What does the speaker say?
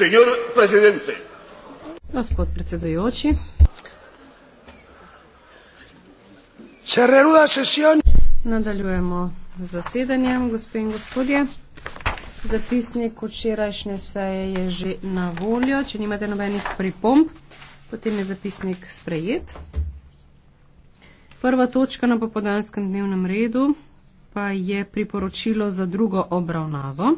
Señor presidente. Gospod predsedujoči. Nadaljujemo z zasedanjem, gospe in gospodje. Zapisnik včerajšnje seje je že na voljo. Če nimate nobenih pripomb, potem je zapisnik sprejet. Prva točka na popodanskem dnevnem redu pa je priporočilo za drugo obravnavo.